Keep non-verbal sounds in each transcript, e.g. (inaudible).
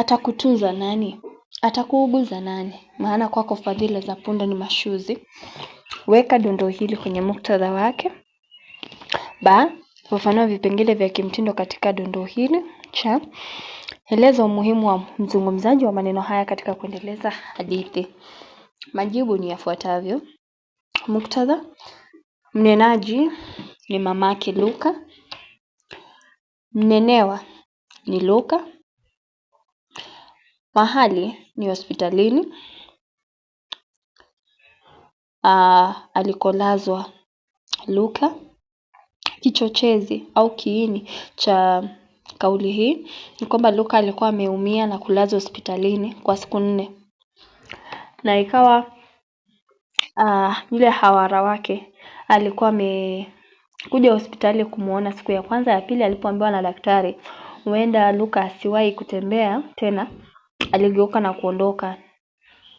Atakutunza nani? Atakuuguza nani? Maana kwako fadhila za punda ni mashuzi. Weka dondoo hili kwenye muktadha wake. Ba, fafanua vipengele vya kimtindo katika dondoo hili. Cha, eleza umuhimu wa mzungumzaji wa maneno haya katika kuendeleza hadithi. Majibu ni yafuatavyo. Muktadha, mnenaji ni mamake Luka. Mnenewa ni Luka. Mahali ni hospitalini ah, alikolazwa Luka. Kichochezi au kiini cha kauli hii ni kwamba Luka alikuwa ameumia na kulazwa hospitalini kwa siku nne na ikawa ah, yule hawara wake alikuwa amekuja hospitali kumwona siku ya kwanza, ya pili alipoambiwa na daktari huenda Luka asiwahi kutembea tena Aligeuka na kuondoka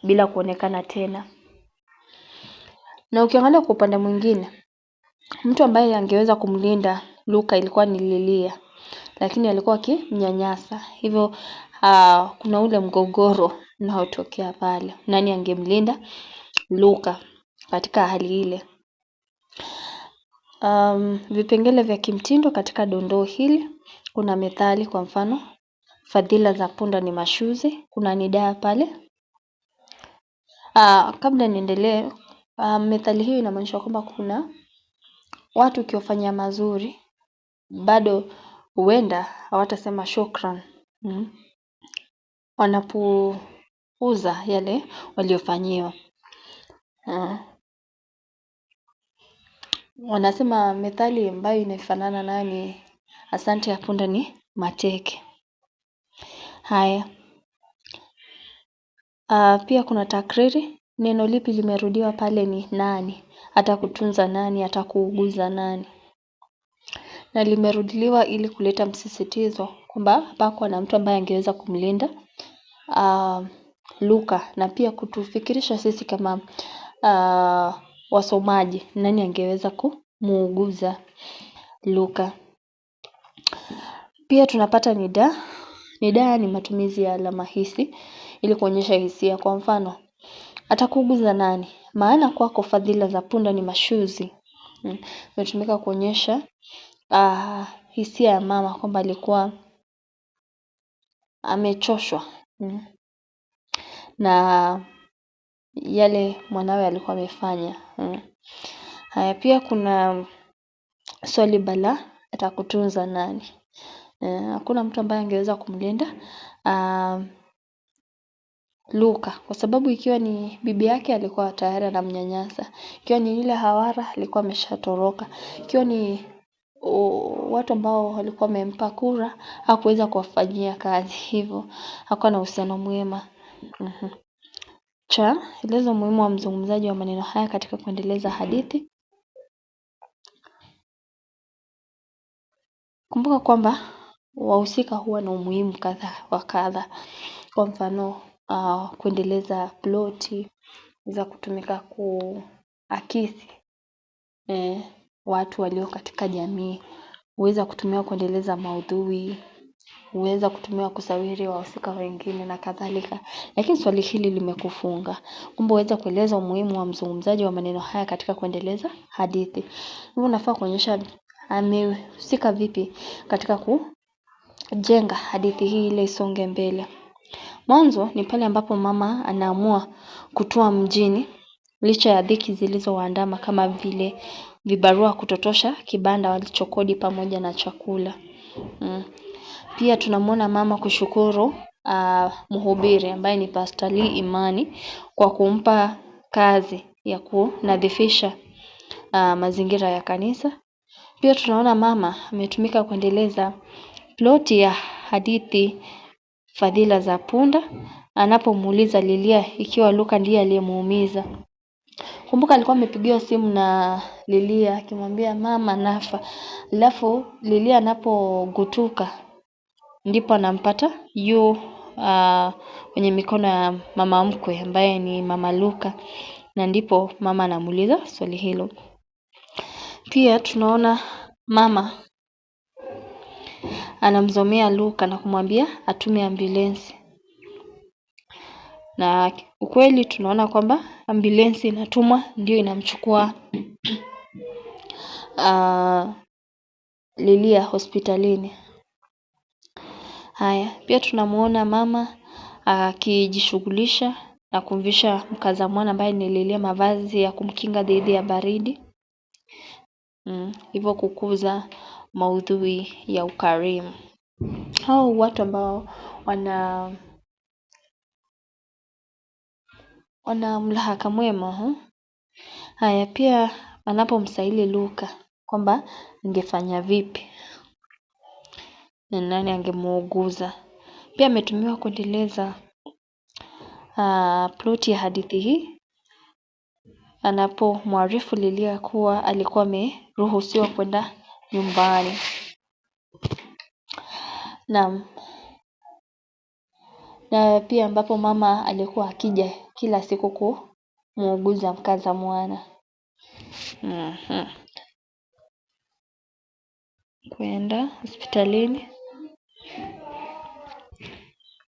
bila kuonekana tena. Na ukiangalia kwa upande mwingine, mtu ambaye angeweza kumlinda Luka ilikuwa ni Lilia, lakini alikuwa akimnyanyasa. Hivyo ah, kuna ule mgogoro unaotokea pale. Nani angemlinda Luka katika hali ile? Vipengele vya kimtindo katika dondoo hili kuna methali kwa mfano Fadhila za punda ni mashuzi. Kuna nidaa pale. Ah, kabla niendelee, ah, methali hiyo inamaanisha kwamba kuna watu ukiwafanyia mazuri bado huenda hawatasema shukran mm, wanapouza yale waliofanyiwa. Ah, wanasema methali ambayo inafanana nayo ni asante ya punda ni mateke haya. Ah, pia kuna takriri, neno lipi limerudiwa pale ni nani, atakutunza nani, atakuuguza nani. Na limerudiliwa ili kuleta msisitizo kwamba hapakuwa na mtu ambaye angeweza kumlinda ah, Luka na pia kutufikirisha sisi kama ah, wasomaji nani angeweza kumuuguza Luka. Pia tunapata ni da Nidaa ni matumizi ya alama hisi ili kuonyesha hisia kwa mfano Atakuguza nani? Maana kwako fadhila za punda ni mashuzi hmm, kuonyesha ah, hisia ya mama kwamba alikuwa amechoshwa hmm, na yale mwanawe alikuwa amefanya hmm, haya pia kuna swali balaa atakutunza nani Eh, hakuna mtu ambaye angeweza kumlinda ah, Luka kwa sababu ikiwa ni bibi yake alikuwa tayari anamnyanyasa, ikiwa ni ile hawara alikuwa ameshatoroka, ikiwa ni watu ambao walikuwa wamempa kura hakuweza kuwafanyia kazi hivyo hakuwa na uhusiano mwema. Mhm. Cha elezo muhimu wa mzungumzaji wa maneno haya katika kuendeleza hadithi. Kumbuka kwamba wahusika huwa na umuhimu kadha wa kadha kwa mfano ah, kuendeleza ploti za kutumika kuakisi eh, watu walio katika jamii huweza kutumiwa kuendeleza maudhui huweza kutumiwa kusawiri wahusika wengine na kadhalika lakini swali hili limekufunga kumbe waweza kueleza umuhimu wa mzungumzaji wa maneno haya katika kuendeleza hadithi hivyo unafaa kuonyesha amehusika vipi katika ku jenga hadithi hii ile isonge mbele. Mwanzo ni pale ambapo mama anaamua kutoa mjini licha ya dhiki zilizowaandama kama vile vibarua kutotosha kibanda walichokodi pamoja na chakula. Mm. Pia tunamwona mama kushukuru ah, mhubiri ambaye ni Pastor Lee Imani kwa kumpa kazi ya kunadhifisha ah, mazingira ya kanisa. Pia tunaona mama ametumika kuendeleza Ploti ya hadithi Fadhila za Punda anapomuuliza Lilia ikiwa Luka ndiye aliyemuumiza. Kumbuka alikuwa amepigiwa simu na Lilia akimwambia mama nafa. Alafu Lilia anapogutuka ndipo anampata yu uh, kwenye mikono ya mama mkwe ambaye ni mama Luka na ndipo mama anamuuliza swali hilo. Pia tunaona mama anamzomea Luka na kumwambia atume ambulensi. Na ukweli tunaona kwamba ambulensi inatumwa ndio inamchukua uh, (clears throat) Lilia hospitalini. Haya, pia tunamuona mama ah, akijishughulisha uh, na kumvisha mkaza mwana ambaye ni Lilia mavazi ya kumkinga dhidi ya baridi. Mm, hivyo kukuza maudhui ya ukarimu. Hao watu ambao wana mlahaka mwema. Hm? Haya pia anapomshauri Luka kwamba angefanya vipi na nani angemuuguza. Pia ametumiwa kuendeleza ah, ploti ya hadithi hii anapomwarifu Lilia kuwa alikuwa ameruhusiwa kwenda nyumbani. Naam. Na pia ambapo mama alikuwa akija kila siku kumuuguza mkaza mwana. Mhm. Kwenda hospitalini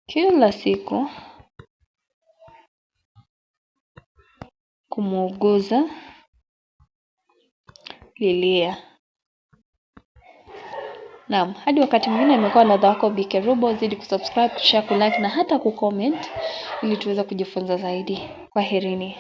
kila siku kumuuguza Lilia. Naam, hadi wakati mwingine imekuwa na wako Bi Kerubo, zidi kusubscribe, kushare, kulike na hata kucomment ili tuweze kujifunza zaidi. Kwaherini.